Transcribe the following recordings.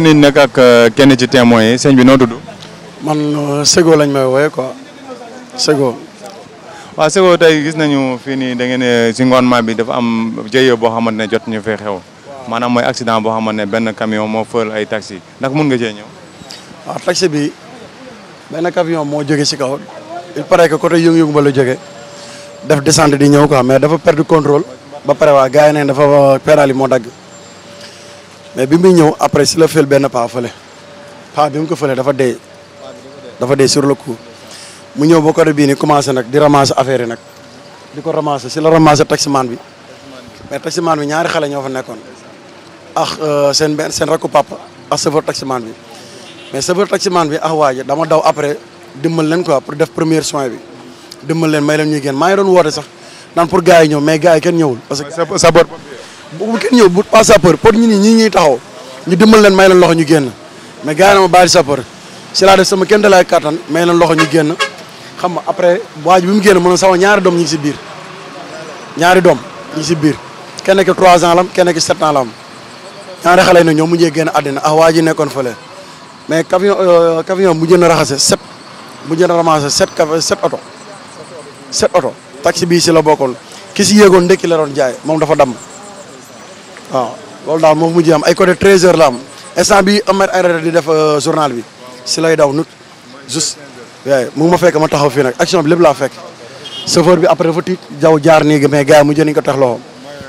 ni nag ak euh, kenn ci témoins yi sëñ bi noo tudd. man euh, Sego lañ may wooyee quoi Sego. waaw Sego tey gis nañu fii nii da ngeen si ngoonement bi dafa am jëye boo xamante ne jot ñu fee xew maanaam mooy accident boo xamante ne benn camion moo fël ay taxi ndax mun nga cee ñëw. waaw taxi bi benn camion moo jóge si kaw il paraît que côté yëngu-yëngu ba la def descente di ñëw quoi mais dafa perdre contrôle ba pare waa gars yi dafa euh, pédale yi moo dagg. mais bi muy ñëw après si la fël benn paa fële paa bi mu ko fële dafa dee dafa dee sur le coup mu ñëw ba côté bii ni commencé nag di ramasser affaire yi nag di ko ramasser si la ramasser taximaan bi mais bi ñaari xale ñoo fa nekkoon ah seen benn seen rakku papa ak chauffeur taximaan bi mais chauffeur taximaan bi ah waa ji dama daw après dimbal leen quoi pour def soin bi dimbal leen may leen ñuy génn maa ngi doon woote sax naan pour gars yi ñëw mais gars yi kenn ñëwul. parce que sa bu kenn ñëw bu pas sapeur pour ñi ñii ñuy taxaw ñu dimbal leen may leen loxo ñu génn mais gars yi na ma bàyyi sapeur si laa def sama kenn dalaay kattan may leen loxo ñu génn xam nga après waa bi mu génn mën na sama ñaari doom ñu ngi si biir ñaari doom ñu ngi si biir kenn ki trois ans la kenn ki 7 ans la am ñaari xale yi nag ñoom mu mujjee génn àddina ah waa ji nekkoon fële mais camion euh, camion mu jënd raxase set mu jënd ramassé set set oto set oto taxi bii si la bokkoon ki si yéegoon ndekki la doon jaay moom dafa damm. waaw loolu daal moom mujj am ay côté 13h la am instant bi Ahmed Aïdara di def euh, journal bi si lay daw nut juste waaye mu ma fekk ma taxaw fii nag action bi lépp laa fekk chauffeur bi après dafa tiit jaww jaar nii mais gars yi mujj nañu ko tax loxo.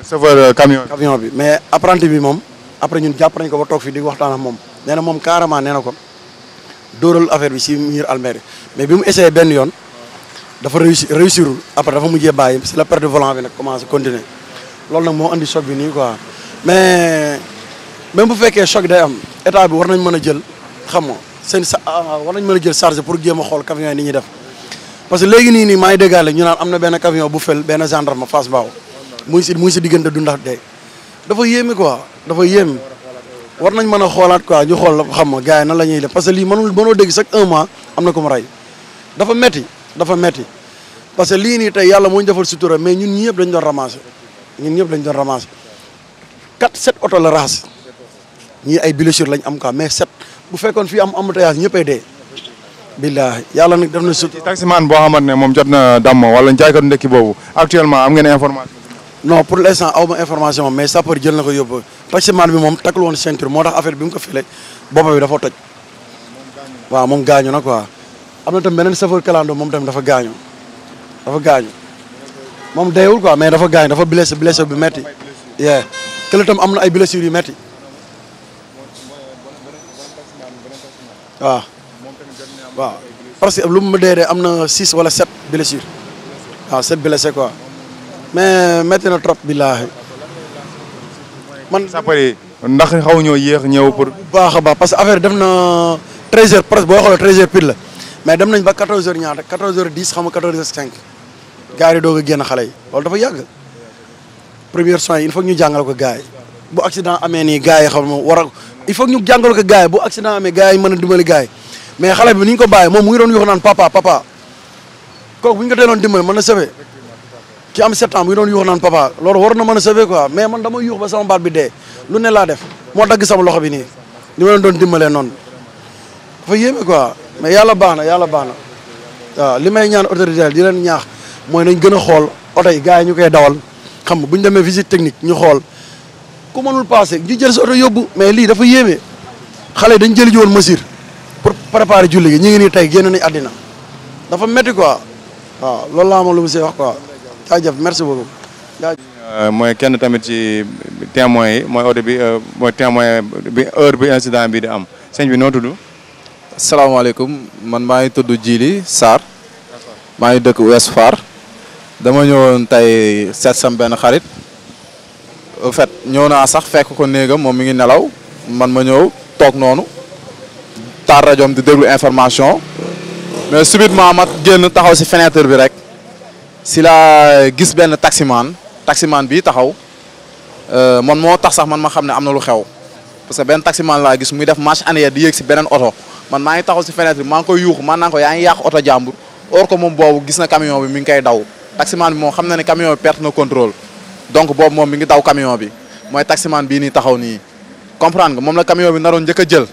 chauffeur euh, camion camion bi mais apprenti bi moom après ñun jàpp nañ ko ba toog fii di waxtaan ak moom nee moom carrément nee ko dóoral affaire bi si mur alméer mais bi mu essayé benn yoon dafa réussir réussirul après dafa mujjee bàyyi si la perte de volant bi nag commencé continuer loolu nag moo indi choc bi nii quoi. mais même bu fekkee choc day am état bi war nañ mën a jël xam nga seen sa ah, ah, war nañ mën a jël charge pour jéem a xool camion yi ni ñuy def parce que léegi nii nii maa ngi déggaale ñu naan am na benn camion bu fel benn gendarme face baaw muy si muy diggante du ndax dee dafa yéeme quoi dafa war nañ mën a xoolaat quoi ñu xool xam nga gars yi nan la ñuy def que lii mënul mënoo dégg chaque un mois am na ko mu rey dafa metti dafa metti parce que lii nii tey yàlla moo ñu defal sutura mais ñun ñëpp dañ doon ramasser ñun ñëpp dañ doon ramasser quatre sept oto la raas ñii ay blessure lañ am quoi mais sept bu fekkoon fii am embouteillage ñëppay dee. billaahi yàlla nag def na sut. taximaan boo xamante moom jot na damm wala njaaykatu na ko moom tax moom gaañu na mais dafa gaañu dafa blessé blessé bi metti. kële tam am na ay blessures yu metti waaw waaw parce que lu mu dee am na six wala sept blessures waaw sept blessé quoi mais metti na trop billaahi man sapeur yi ndax xaw ñoo yéex ñëw pour. baax a baax parce que affaire def na treize heures presque boo xoolee treize heures pile la mais dem nañ ba quatorze heures ñaata quatorze heures dix xam nga quatorze heures cinq gars yi doog a génn xale yi dafa yàgg. première soins yi il faut ñu jàngal ko gars yi bu accident amee nii gars yi xam nga war a il faut ñu jàngal ko gars bu accident amee gars yi a dimbali gars yi mais xale bi ni ñu ko bàyyee moom mu ngi doon yuuxu naan papa papa kooku bu ñu ko teeloon dimbali mën a sauver ki am sept ans mu ngi doon yuuxu naan papa loolu war na mën a sauver quoi mais man dama yuux ba sama baat bi dee lu ne laa def moo dagg sama loxo bi nii ni ma leen doon dimbalee noonu dafa yéeme quoi mais yàlla baax na yàlla baax na li may ñaan autorité di leen ñaax mooy nañ gën xool oto gars yi ñu koy dawal xam nga bu ñu demee visite technique ñu xool ku mënul passé ñu jël sa oto yóbbu mais lii dafa yéeme xale dañ jëli ji woon mesure pour préparer julli gi ñu ngi nii tey génn nañ àddina dafa métti quoi waaw loolu laa ma lu see wax quoi jaajëf merci beaucoup jaajëf euh, mooy kenn tamit ci témoin yi mooy oto bi euh, mooy témoin bi heure bi incident bi di am sëñ bi noo tudd. salaamaaleykum man maa ngi tudd Djili Sarr. maa ngi dëkk Ouest Foire. dama ñëwoon tey set sam benn xarit en fait ñëw naa sax fekk ko néegam moom mi ngi nelaw man ma ñëw toog noonu taal rajoom di déglu information mais subitement ma génn taxaw si fenêtre bi rek si laa gis benn taximaan taximaan bii taxaw euh, man moo tax sax man ma xam ne am na lu xew parce que benn taximaan laa gis muy def marche arrière di yéeg si beneen oto man maa ngi taxaw si fenêtre bi maa ngi koy yuuxu man naa ko yaa ngi yàq oto jàmbur or ko moom boobu gis na camion bi mi ngi koy daw taximaan bi moom xam na ne camion bi perte na contrôle donc boobu moom mi ngi daw camion bi mooy taximaan bii nii taxaw ni comprendre moom la camion bi naroon njëkk a jël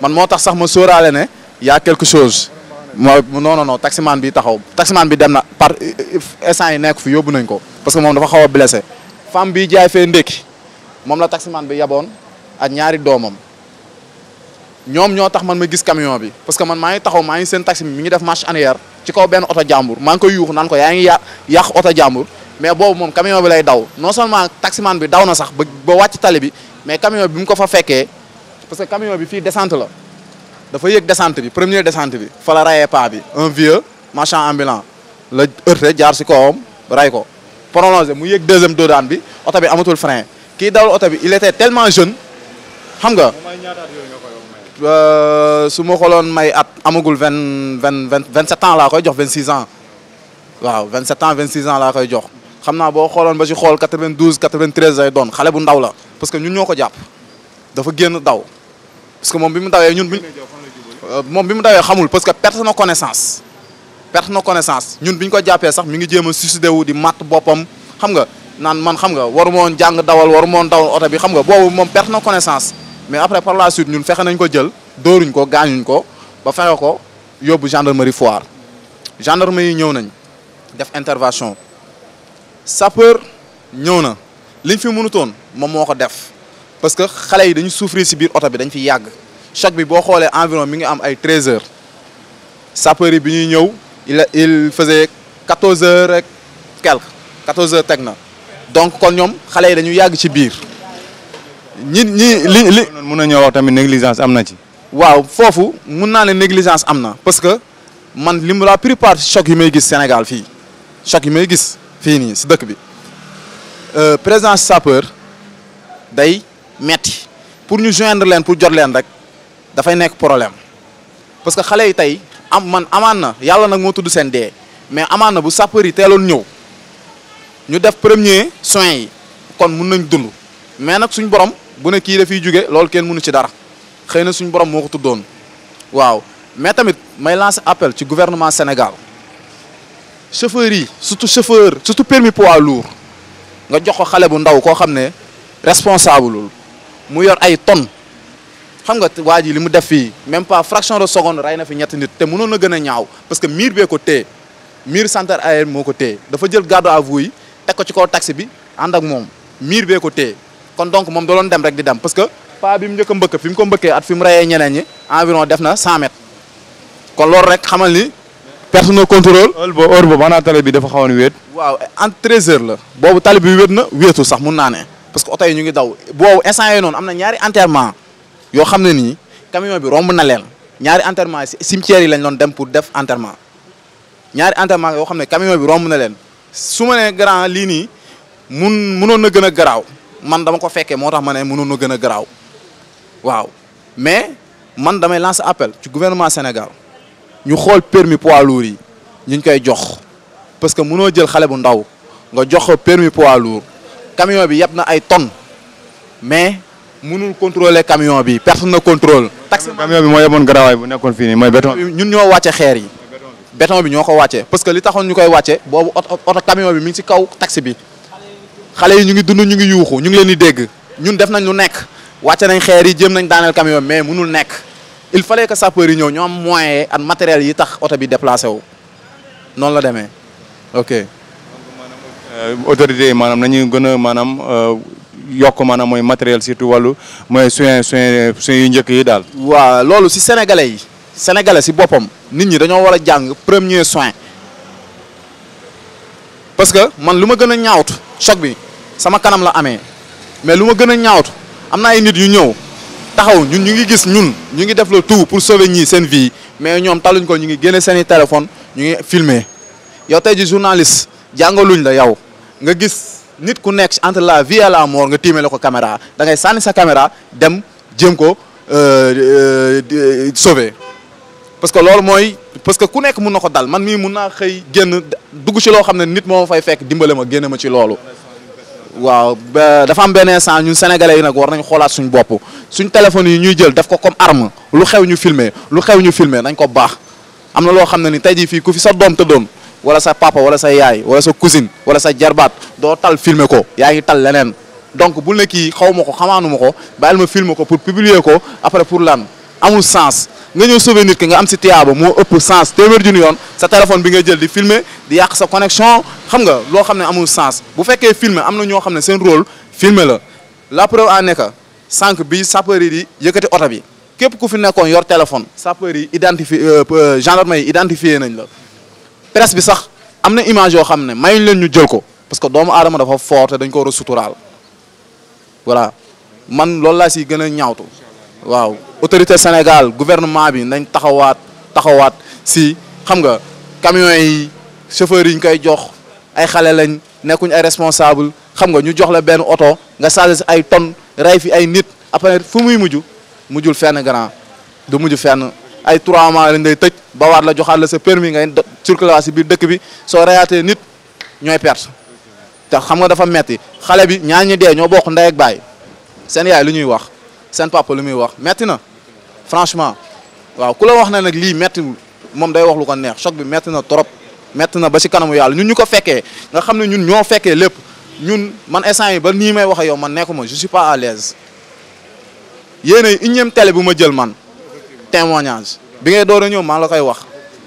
man moo tax sax ma sóoraale ne yaa a quelque chose mooy non non taximaan bi taxaw taximaan bi dem na par instant yi nekk fi yóbbu nañ ko parce que moom dafa xaw a blessé femme bi jaay fee ndékki moom la taximaan bi yaboon a ñaari doomam ñoom ñoo tax man ma gis camion bi parce que man maa ngi taxaw maa ngi seen taxi bi mi ngi def marche arrière ci kaw benn oto jàmbur maa ngi koy yuux naan ko yaa ngi yàq yàq mais boobu moom camion bi lay daw non seulement taximan bi daw na sax ba ba wàcc tali bi mais camion bi mu ko fa fekkee parce que camion bi fii descente la dafa yëg descente bi premier descente bi fa la rayee pas bi un vieux marchand ambulant la heurté jaar si kawam ray ko prolongé mu yëg deuxième doodaan bi oto bi amatul frein kii dawal oto tellement jeune xam nga Euh, su ma xooloon may at amagul vingt vingt vingt vingt sept ans laa koy jox vingt six ans waaw vingt sept ans vingt six ans laa koy jox xam naa boo xoloon ba si xool quatre vingt douze quatre vingt treize lay doon xale bu ndaw la parce que ñun ñoo ko jàpp dafa génn daw parce que moom bi mu dawee ñun bi euh, moom bi mu dawee xamul parce que perte na connaissance perte na connaissance ñun bi ñu ko jàppee sax mi ngi jéem a suicidé wu di matt boppam xam nga naan man xam nga waru moon jàng dawal waru moon dawal oto bi xam nga boobu moom perte na connaissance mais après par la suite ñun fexe nañ ko jël dóoruñ ko gaañuñ ko ba fexe ko yóbbu gendarmerie Foire yi ñëw nañ def intervention sapeur ñëw na liñ fi mënutoon moom moo ko def parce que xale yi dañu souffrir si biir oto bi dañ fi yàgg chaque bi boo xoolee environ mi ngi am ay 13 heures sapeur yi bi ñuy ñëw il il faisait heures rek quelque 14 heures teg na donc kon ñoom xale yi dañu yàgg ci biir. ñi ñi li li na nañoo wax tamit négligence am na ci. waaw foofu mun naa ne négligence am na parce que man li mu la plupart choc yu may gis Sénégal fii choc yu may gis fii nii si dëkk bi euh, présence sapeur day metti pour ñu joindre leen pour jot leen rek dafay nekk problème parce que xale yi tey am man amaan na yàlla nag moo tudd seen dee mais amaan na bu sapeur yi teeloon ñëw ñu def premier soin yi kon mun nañ dund mais nag suñ borom. bu ne kii dafiy jóge loolu kenn mënu ci dara xëy na suñu borom moo ko tuddoon waaw mais tamit may lancer appel ci gouvernement Sénégal chauffeur yi surtout chauffeur surtout permis poids lourd nga jox ko xale bu ndaw koo xam ne responsable mu yor ay tonnes xam nga waa ji li mu def fii même pas fraction de seconde rey na fi ñetti nit te mënoon na gën a ñaaw parce que miir bee ko téye miir centre aérien moo ko téye dafa jël garde à vous yi teg ko ci kaw taxi bi ànd ak moom miir bee ko téye kon donc moom da dem rek di dem parce que pas bi mu njëkk a mbëkk fi mu ko mbëkkee at fi mu rayee environ def na 100 kon loolu rek xamal ni perte na contrôle heure boobu heure boobu maanaam bi dafa xawoon wéet waaw entre 13 la boobu tali bi wéet na wéetu sax mun naa ne parce que oto yi ñu ngi daw boobu instant yooyu am na ñaari enterrement yoo xam ne nii camion bi romb na leen ñaari enterrement yi cimetière yi lañ doon dem pour def ñaari enterrement yoo xam ne camion bi romb na leen su ma nee grand lii nii mun munoon na gën a garaaw man dama ko fekkee moo tax ma ne mënoon na gën a garaaw waaw mais man damay lancer appel ci gouvernement Sénégal ñu xool permis poids lourd yi ñu ngi koy jox parce que mënoo jël xale bu ndaw nga jox ko permis poids lourd camion bi yeb na ay tonnes mais mënul contrôler camion bi perte na contrôle. taxi camion bi moo yeboon garaawaay bu nekkoon fii nii mooy béton. ñun ñoo wàcce xeer yi. béton bi ñoo ko wàcce parce que li taxoon ñu koy wàcce boobu oto oto camion bi mi ngi ci kaw taxi bi. xale yi ñu ngi dund ñu ngi yuuxu ñu ngi leen di dégg ñun def nañ lu nekk wàcce nañ xeer yi jëm nañ daaneel camion mais munul nekk il fallait que sapeurs yi ñëw ñoom am moyen ak matériel yi tax oto bi déplacé wu noonu la demee ok. Euh, autorités yi maanaam nañu gën a maanaam euh, yokk maanaam mooy matériel surtout wàllu mooy soin soin soin njëkk yi daal. waa loolu si sénégalais yi. sénégalais si boppam nit ñi dañoo war a jàng premier soin parce que man lu ma gën a ñaawut choc bi. sama kanam la amee mais lu ma gën a ñaawtu am na ay nit yu ñëw taxaw ñun ñu ngi gis ñun ñu ngi def le tout pour sauver ñii seen vie mais ñoom taluñ ko ñu ngi génne seeni téléphone ñu ngi filmer yow tey ji journaliste jàngaluñ la yow nga gis nit ku nekk entre la vie et la mort nga tiime la ko caméra da ngay sànni sa caméra dem jëm ko euh, euh, sauver parce que loolu mooy parce que ku nekk mun na ko dal man mii mun naa xëy génn dugg ci loo xam ne nit moo fay fekk dimbale ma génne ma ci loolu waaw dafa am benn instant ñun sénégalais nag war nañ xoolaat suñ bopp suñ téléphone yi ñuy jël def ko comme arme lu xew ñu filmer lu xew ñu filmer nañ ko baax am na loo xam ne ni tey jii fii ku fi sa doom doon wala sa papa wala sa yaay wala sa cousine wala sa jarbaat doo tal filmer ko yaa ngi tal leneen donc bu ne kii xaw ma ko xamaanu ma ko bàyyil ma filmer ko pour publier ko après pour lan amul sens nga ñëw sauver nit ki nga am si tiyaaba moo ëpp sens téeméer junni yoon sa téléphone bi nga jël di filmer di yàq sa connexion xam nga loo xam ne amul sens bu fekkee filme am na ñoo xam ne seen rôle filmer la la preuve en est que sànq bi sapeur yi di yëkkati oto bi képp ku fi nekkoon yor téléphone sapeur yi identifié euh, euh, gendarme yi identifié nañ la presse bi sax am na image yoo xam ne mayuñ leen ñu jël ko parce que doomu aadama dafa fort te dañ ko war a voilà man loolu laa si gën a ñaawtu waaw autorité Sénégal gouvernement bi nañ taxawaat taxawaat si xam nga camion yi chauffeurs yi ñu koy jox ay xale lañ nekkuñ ay responsable xam nga ñu jox la benn oto nga chargé si ay tonnes rey fi ay nit après fu muy mujj mujjul fenn grand du mujj fenn ay trois lañ day tëj ba la joxaat la sa permis ngay circuler si biir dëkk bi soo reyaatee nit ñooy perte te xam nga dafa metti xale bi ñaar ñi dee ñoo bokk baay seen yaay lu ñuy wax seen papa lu muy wax metti na franchement waaw ku la wax na nag lii mettiwul moom day wax lu ko neex choc bi metti na trop métti na ba si kanamu yàlla ñun ñu ko fekkee nga xam ne ñun ñoo fekkee lépp ñun man instant yi ba nii may waxee yow man nekkuma je suis pas à l'aise yéen télé bu ma jël man témoignage bi ngay door a ñëw maa la koy wax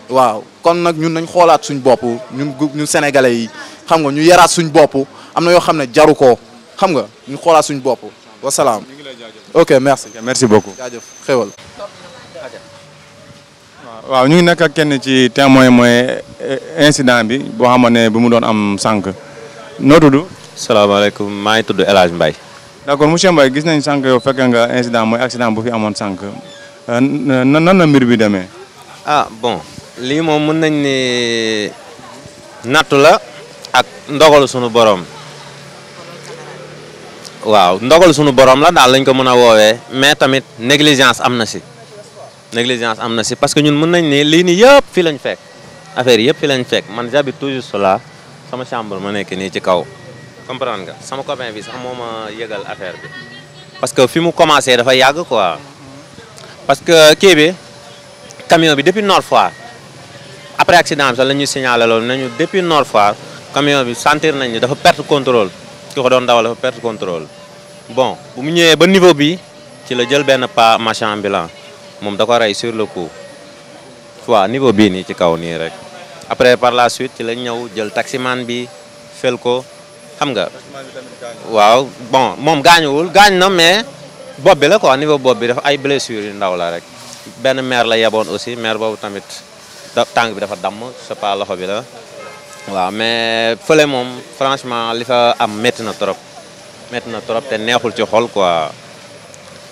waaw kon nag ñun nañ xoolaat suñ bopp ñun ñun sénégalais yi xam nga ñu yaraat suñ bopp am na yoo xam ne jaru ko xam nga ñu xoolaat suñ bopp wasalaam ok merci. ok merci beaucoup jaajëf xéwal. waaw ñu ngi nekk ak kenn ci témoin mooy eh, incident bi boo xamoon ne bi mu doon am sànq noo tudd. salaamaaleykum maa ngi tudd El Hadj Mbaye. d'accord monsieur Mbaye gis nañ sànq yow fekk nga incident mooy accident bu fi amoon sànq euh, nan nan la mbir bi demee. ah bon lii moom mën nañ ni nattu la ak ndogalu sunu borom. waaw ndogal sunu borom la daal lañ ko mën a woowee mais tamit négligence am na si négligence am na si parce que ñun mën nañ ne lii nii yëpp fi lañu fekk affaire yëpp fi lañ fekk man j'habite toujours cela sama chambre ma nekk nii ci kaw comprendre nga sama copain bi sax moo ma yëgal affaire bi parce que fi mu commencee dafa yàgg quoi parce que kii bi camion bi depuis noor Foire après accident bi sax la ñuy signalé loolu nañu depuis Nord Foire camion bi sentir nañ ni dafa perte control ki ko doon dawal dafa perte contrôle bon bu mu ñëwee ba niveau bi ci la jël benn pas marchand ambulant moom da ko rey sur le coup waaw niveau bii nii ci kaw nii rek après par la suite ci lañ ñëw jël taximan bi fel ko xam nga waaw bon moom gaañuwul gaañ na mais bopp bi la quoi niveau bopp bi dafa ay blessures yu ndaw la rek benn maire la yeboon aussi maire boobu tamit tànk bi dafa damm c'est pas loxo bi la waaw mais fële moom franchement li fa am métti na trop métti na trop te neexul ci xol quoi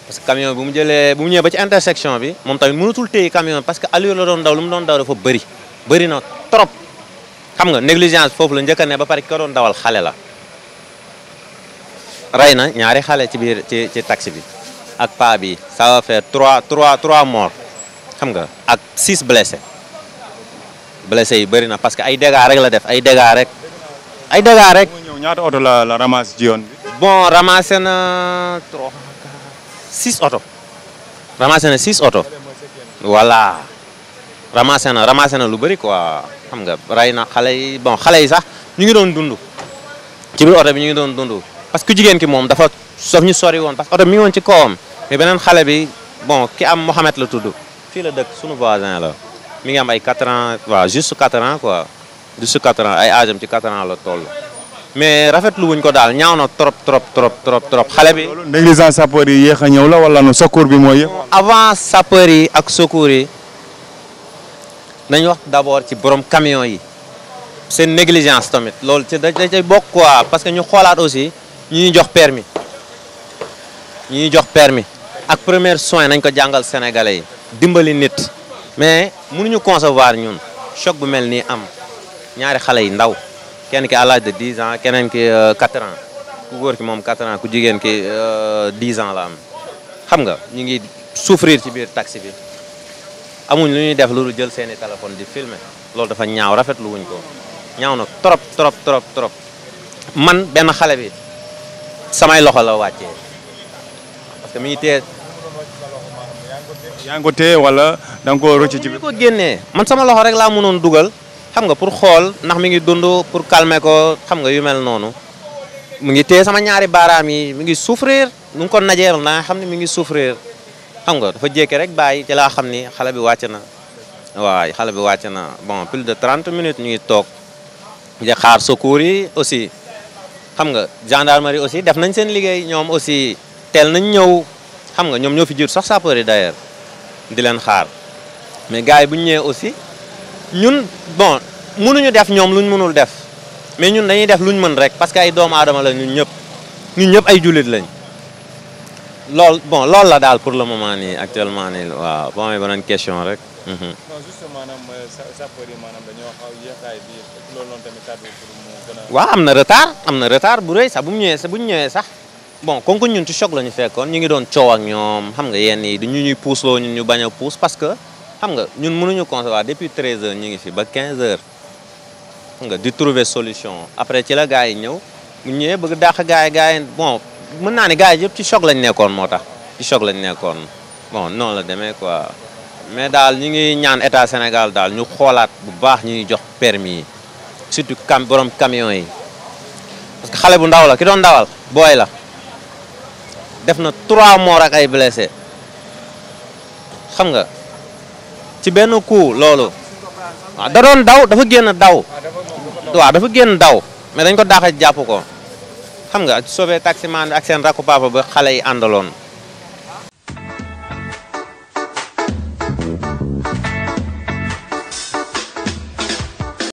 parce que camion bu mu jëlee bu mu ñëwee ba ci intersection bi moom tamit mënatul téye camion parce que allure la doon daw lu mu doon daw dafa bëri bëri na trop xam nga négligence foofu la njëkk a ne ba pare ki ko doon dawal xale la rey na ñaari xale ci biir ci ci taxi bi ak paa bi ça va trois trois trois xam nga ak six blessés blessés yi bëri na parce que ay dégâts rek la def ay dégâts rek ay dégâts rek. ñaata oto la la ramasse ci yoon bi. bon ramassé six oto ramassé na six oto voilà ramassé na ramassé na lu bëri quoi xam nga rey na xale yi bon xale yi sax ñu ngi doon dund ci biir oto bi ñu ngi doon dund parce que jigéen ki moom dafa sof ñu sori woon parce que oto mi ngi woon ci kawam mais beneen xale bi bon ki am Mohamed la tudd fii la dëkk sunu voisin la mi ngi am ay 4 ans waaw juste 4 ans quoi juste 4 ans ay âge ci 4 ans la toll mais rafetlu wuñ ko daal ñaaw na trop trop trop trop trop xale bi. loolu négligence sapeur yi yéex a ñëw la wala no secours bi mooy yéex. avant sapeur yi ak secours yi nañ wax d'abord ci borom camion yi seen négligence tamit loolu ci da cay bokk quoi parce que ñu xoolaat aussi ñu ñuy jox permis ñu ñuy jox permis ak premier soin nañ ko jàngal sénégalais yi dimbali nit mais mënuñu concevoir ñun choc bu mel nii am ñaari xale yi ndaw. kenn ki à l'âge de 10 ans keneen ki 4 euh, ans ku góor ki moom 4 ans ku jigéen ki 10 euh, ans la am xam nga ñu ngi souffrir ci biir taxi bi amuñ lu ñuy def loolu jël seeni téléphone di filme loolu dafa ñaaw rafetlu wuñ ko ñaaw na trop trop trop trop man benn xale bi samay loxo la wàcce parce que mi ngi téye. yaa ngi ko téye wala da nga koo rëcc ci. ko génnee man sama loxo rek laa mënoon dugal. xam nga pour xool ndax mi ngi dund pour calmer ko xam nga yu mel noonu mu ngi téye sama ñaari baaraam yi mi ngi souffrir nu ngi ko najeeroon da nga xam ne mi ngi souffrir xam nga dafa jékki rek bàyyi ci laa xam ni xale bi wàcc na waaw xale bi wàcc na bon plus de 30 minutes ñu ngi toog di xaar secours yi aussi xam nga gendarmerie aussi def nañ seen liggéey ñoom aussi teel nañ ñëw xam nga ñoom ñoo fi jiitu sax sapeurs yi d'ailleurs di leen xaar mais gars bu ñu aussi ñun bon mënuñu def ñoom luñ mënul def mais ñun dañuy def luñ mën rek parce que ay doomu aadama la ñun ñëpp ñun ñëpp ay julit lañ lool bon loolu la daal pour le moment nii actuellement ni waaw boo amee beneen question rek. Mhm. non juste maanaam euh, sapeur yi waaw am na retard am na retard bu rëy sax bu mu ñëwee sax bu ñu ñëwee sax bon kon ñun ci choc la ñu fekkoon ñu ngi doon coow ak ñoom xam nga yenn yi du ñu ñuy puusloo ñun ñu bañ a puus parce que. xam nga ñun mënuñu concevoir depuis 13 heures ñu ngi fi ba 15 heures xam nga di trouver solution après ci la gars yi ñëw bu ñëwee bëgg dàq gars yi gars bon mën naa ne gars yi yëpp ci choc lañ nekkoon moo tax ci choc lañ nekkoon bon noonu la demee quoi mais daal ñu ngi ñaan état Sénégal daal ñu xoolaat bu baax ñu ngi jox permis yi surtout borom camion yi parce que xale bu ndaw la ki doon dawal booy la def na 3 morts ak ay blessé xam nga. ci benn coup loolu waaw da daw dafa génn daw waaw dafa génn daw mais dañ ko daaxa jàpp ko xam nga soobee taximaan bi ak seen rakku papa ba xale yi àndaloon